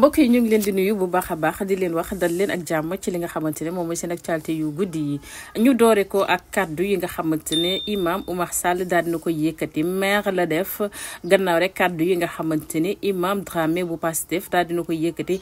mbokk yi ñu ngi leen di nuyu bu baax a baax di leen wax dal leen ak jàmm ci li nga xamante ne moom mooy seen yu guddi yi ñu doore ko ak kaddu yi nga xamante ne imam Oumar Sall daal dina ko yëkkati maire la def gannaaw rek kaddu yi nga xamante ne imam Dramé bu Pastef daal dina ko yëkkati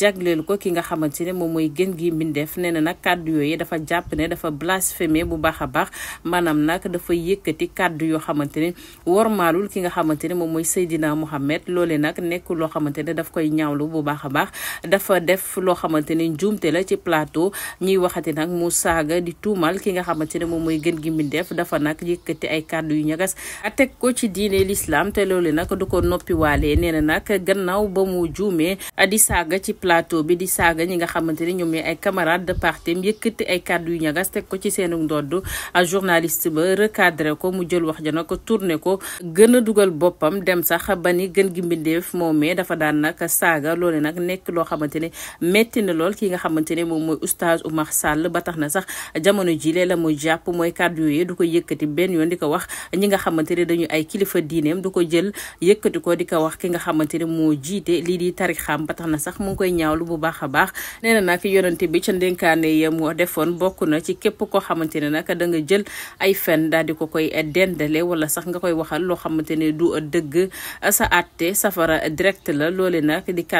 jagleel ko ki nga xamante ne moom mooy gën gi mbindeef nee na nag kaddu yooyu dafa jàpp ne dafa blasphémé bu baax a baax maanaam nag dafa yëkkati kaddu yoo xamante ne warmaalul ki nga xamante ne moom mooy Seydina Mohamed loole nag nekk loo xamante ne daf koy ñaawlu bu baax a baax dafa def loo xamante ne njuumte la ci plateau ñuy waxati nag mu saaga di tuumal ki nga xamante ne moom mooy gën gi mbindeef dafa nag yëkkati ay kàddu yu ñagas teg ko ci diine l'islam te loolu nag du ko noppi waalee nee na nag gannaaw ba mu juumee di saaga ci plateau bi di saaga ñi nga xamante ne ñoom ay camarade de partem yëkkati ay kàddu yu ñagas teg ko ci seenu ndodd journaliste ba recadré ko mu jël wax ja nag tourné ko gën a dugal boppam dem sax ba ni gën gi mbindeef moomee dafa daan nag saaga loolu loolee nag nekk loo xamante ne metti na lool ki nga xamante ne moom mooy oustaz Oumar Sall ba tax na sax jamono jilee la muy jàpp mooy kàddu yee du ko yëkkati benn yoon di ko wax ñi nga xamante ne dañu ay kilifa diineem du ko jël yëkkati ko di ko wax ki nga xamante ne moo jiite lii di tarixam ba tax na sax mu ngi koy ñaawlu bu baax a baax nee na nag yonente bi ca ndénkaane ya mu defoon bokk na ci képp koo xamante ne nag da nga jël ay fen daal di ko koy dendale wala sax nga koy waxal loo xamante ne du dëgg sa àtte safara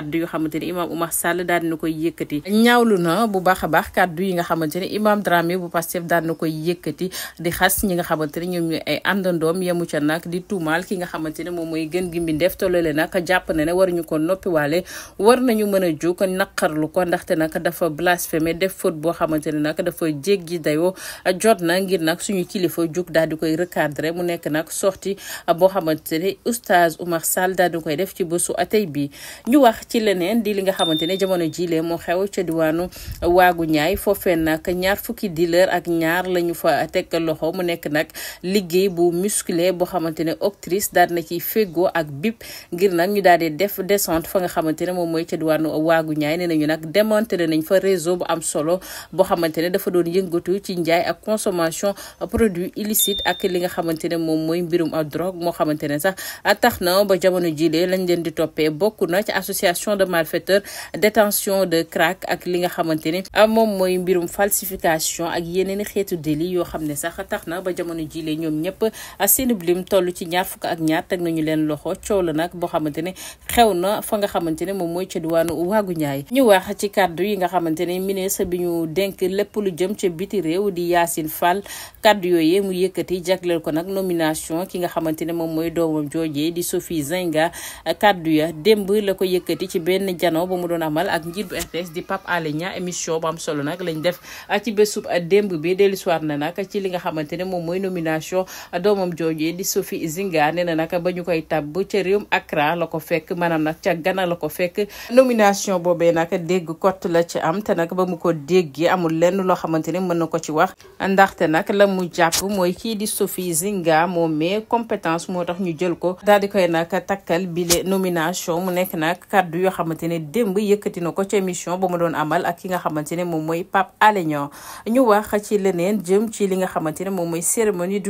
di kàddu yoo xamante ni imaam Oumar Sall daal koy yëkkati ñaawlu na bu baax a baax kàddu yi nga xamante ni imaam Dramé bu Pastef daal na koy yëkkati di xas ñi nga xamante ni ñoom ñu ay àndandoom yemu ca nag di tuumaal ki nga xamante ne moom mooy gën gi mbindeef tollale nag jàpp na ne war waruñu ko noppiwaale war na ñu mën a jóg naqarlu ko ndaxte nag dafa blasphémé def faute boo xamante ne nag dafa jéggi dayoo jot na ngir nag suñu kilifa jóg daal di koy recadrer mu nekk nag sorti boo xamante ne oustaz Oumar Sall daal koy def ci bésu leneen di li nga xamante ne jamono jilee moo xew ca diwaanu waagu ñaay foofee ñaar la ñu fa teg loxo mu nekk nag liggéey bu musclé boo xamante ne octrice daal na ci fego ak bip ngir nag ñu daal di def descente fa nga xamante ne moom mooy ca diwaanu waagu ñaay nee nañu nag démontré nañ fa réseau bu am solo boo xamante ne dafa doon yëngatu ci njaay ak consommation produit illicite ak li nga xamante ne moom mooy mbirum drogue moo xamante ne sax tax na ba jamono jilee lañ leen détention de malfaiteurs détention de crack ak li nga xamante ni ah, moom mooy mbirum falsification ak yeneen xeetu délit yoo xam ne sax tax na ba jamono jilee ñoom ñëpp ah, seen lim toll ci ñaar fukk ak ñaar teg nañu leen loxo coow la nag boo xamante ne xew na fa nga xamante ne moom mooy ca diwaanu waagu ñaay ñu wax ci kaddu yi nga xamante ne ministre bi ñu denk lépp lu jëm ca biti réew di Yacine Fall kàddu yooyee mu yëkkati jagleel ko nag nomination ki nga xamante ne moom mooy doomam joojee di Sophie Zinga ah, ci benn jano ba mu doon amal ak njiit bu RTS di Pape Alé Niang émission bu solo nag lañ def ci bésub démb bi dellusiwaat na nag ci li nga xamante ne moom mooy nomination doomam jooju di Sophie Zinga nee na ba ñu koy tabb ca réewum Accra la ko fekk maanaam nag ca Ghana ko fekk nomination boobee nag dégg kott la ci am te nag ba mu ko déggee amul lenn loo xamante ne mën na ko ci wax ndaxte nag la mu jàpp mooy kii di sofi Zinga moom mais compétence moo tax ñu jël ko daal koy nag takkal bile nomination mu nekk nag kaddu yoo xamante ne démb yëkkati na ko ci émission ba mu doon amal ak ki nga xamante ne moom mooy Pape Alé ñu wax ci leneen jëm ci li nga xamante ne moom mooy cérémonie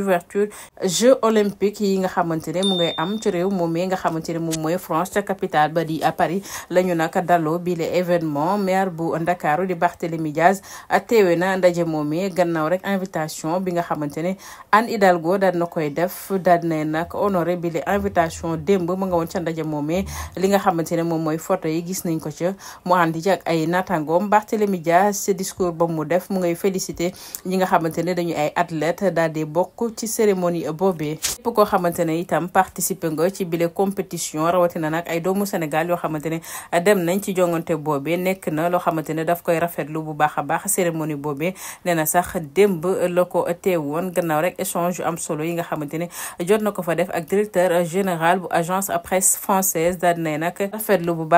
ca capitale ba di à Paris la ñu daloo bi le événement maire bu Ndakaaru di Barthélémy Diaz teewe na ndaje moomee gannaaw rek invitation bi nga xamante ne Anne Hidalgo daal na koy def daal na nag honoré bi invitation démb mu nga woon ca ndaje moomee li nga xamante ne moom photo yi gis nañ ko ca mu àndi ci ay naataangoom Barthélemy Dias ci discours ba mu def mu ngay félicité ñi nga xamante ne dañu ay athlète daal di bokk ci cérémonie boobee képp koo xamante ne itam participé nga ci bile compétition rawatina nag ay doomu Sénégal yoo xamante ne dem nañ ci jongante boobee nekk na loo xamante ne daf koy rafetlu bu baax a baax cérémonie boobee nee na sax démb la ko woon gannaaw rek échange am solo yi nga xamante ne jot na ko fa def ak directeur général bu agence presse française daal di nay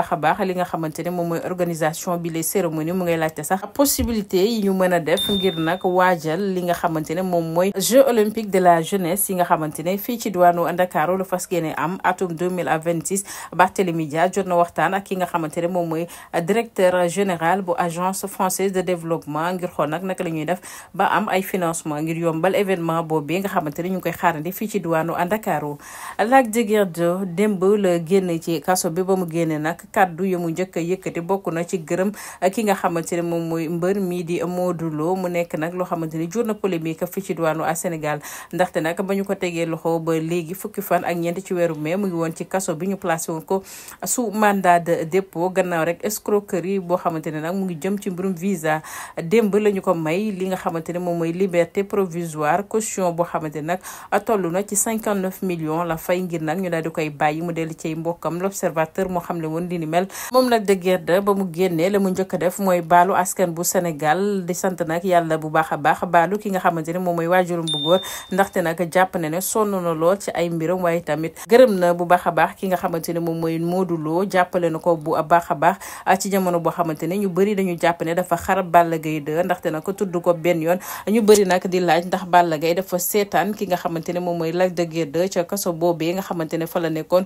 baax a baax li nga xamante ne a jot na waxtaan ak ki nga xamante moom mooy directeur général bu agence française de développement ngir xool nag naka la def ba am ay financement ngir yombal événement boobee nga xamante ñu koy xaarandi fii ci diwaanu Ndakaaru Lac de Guiers 2 démb la génn ci kaso bi ba mu génne nag kaddu yu mu njëkk a yëkkati bokk na ci gërëm ki nga xamante ne moom mooy mbër mii di Modou Lo mu nekk nag loo xamante ni jur na polémique fi ci diwaanu à Sénégal ndaxte nag ba ñu ko tegee loxo ba léegi fukki fan ak ñeent ci weeru mai mu woon ci kaso bi ñu placé woon ko sous mandat de dépôt gannaaw rek escroquerie boo xamante ne nag mu ngi jëm ci mbirum visa démb la ñu ko may li nga xamante ne moom mooy liberté provisoire caution boo xamante ne nag toll na ci cinquante neuf millions la fay ngir nag ñu daal di koy bàyyi mu dellu ci mbokkam l'observateur moo xam ne ni mel moom nag de guerre ba mu génnee la mu njëkk def mooy baalu askan bu senegal di sant nag yàlla bu baax a baax baalu ki nga xamante ne moom mooy waajurum bu góor ndaxte nag jàpp na ne sonn na ci ay mbiram waaye tamit gërëm na bu baax a baax ki nga xamante ne moom mooy Modou Lo na ko bu baax a baax ci jamono boo xamante ne ñu bëri dañu jàpp ne dafa xar Balla Gaye ndaxte nag tudd ko benn yoon ñu bëri nag di laaj ndax Balla Gaye dafa seetaan ki nga xamante ne moom mooy Lac de Guiers 2 ca kaso boobee nga xamante ne fa la nekkoon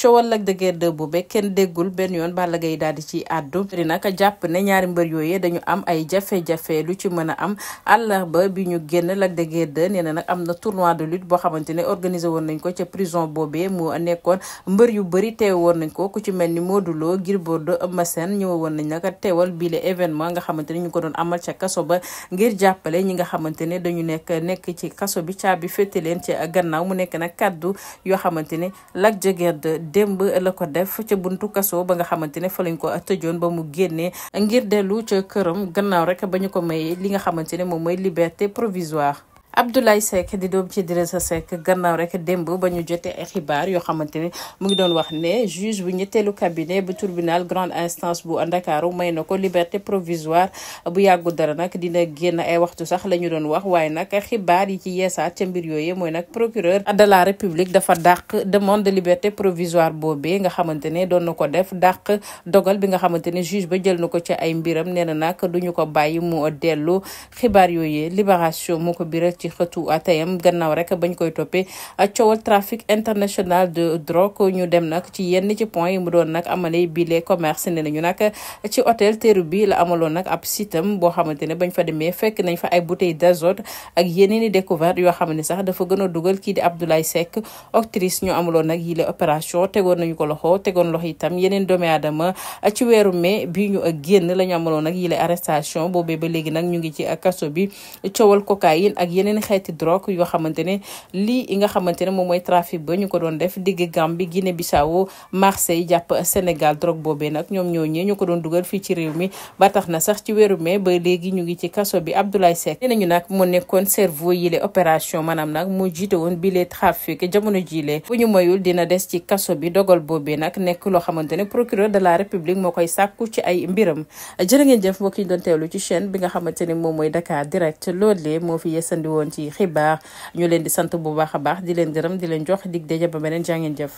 coowal Lac de Guiers 2 kenn déggul benn yoon Balla Gaye daal di ci àddu di nag jàpp ne ñaari mbër yooyee dañu am ay jafe-jafe lu ci mën a am àllarba bi ñu génn Lac de Guiers 2 nee na nag am na tournoi de lutte boo xamante ne organisé woon nañ ko ca prison boobee mu nekkoon mbër yu bëri teew woon nañ ko ku ci mel ni Modou Lo Gris Bordeaux Eumeu Sène ñëw woon nañ nag teewal bile événement nga xamante ne ñu ko doon amal ca kaso ba ngir jàppale ñi nga xamante ne dañu nekk nekk ci kaso bi caabi féete leen ci gannaaw mu nekk na kaddu yoo xamante ne Lac de Guiers 2 la ko def kaso ba nga xamante ne fa lañ ko tëjoon ba mu génnee ngir dellu ca këram gannaaw rek ba ñu ko mayee li nga xamante ne moom mooy liberté provisoire Abdoulaye Seck di doom ci Idrissa Seck gannaaw rek démb ba ñu jotee ay xibaar yoo xamante ni mu ngi doon wax ne juge bu ñetteelu cabinet bu tribunal grande instance bu Ndakaaru may na ko liberté provisoire bu yàggu dara nag dina génn ay waxtu sax la ñu doon wax waaye nag xibaar yi ci yeesaat ca mbir yooyu mooy nag procureur de la république dafa dàq demande de liberté provisoire boobee nga xamante ne doon na ko def dàq dogal bi nga xamante ne juge ba jël na ko ci ay mbiram nee na nag duñu ko bàyyi mu dellu xibaar yooyu libération ci xëtu atayam gannaaw rek bañ koy toppee coowal trafic international de drogue ñu dem nag ci yenn ci point yi mu doon nag amale bile commerce ne nañu nag ci hôtel teeru bi la amaloon nag ab sitam boo xamante ne bañ fa demee fekk nañ fa ay bouteille d'azote ak yeneen i découverte yoo xam ne sax dafa gën a dugal kii di Abdoulaye Seck actrice ñu amaloon nag yile opération tegoon nañu ko loxo tegoon loxo itam yeneen doomi aadama ci weeru mai bi ñu ak génn la ñu amaloon yile arrestation boobee ba léegi nag ñu ngi ci kaso bi yeneen xeeti drogue yoo xamante ne lii nga xamante ne moom mooy trafic ba ñu ko doon def digg Gambie Guinée Bissau Marseille jàpp Sénégal drogue boobee ñoom ñoo ñee ñu ko doon dugal fii ci réew mi ba tax na sax ci weeru mai ba léegi ñu ngi ci kaso bi Abdoulaye Seck nee nañu nag mu nekkoon cerveau yi les opération maanaam nag mu jiite woon bi les trafic jamono jilee bu ñu moyul dina des ci kaso bi dogal boobee nekk loo xamante ne procureur de la république moo koy sàkku ci ay mbiram jërë bi nga xamante ne nekkoon ci xibaar ñu leen di sant bu baax a baax di leen gërëm di leen jox dig daje ba beneen jàngeen jëf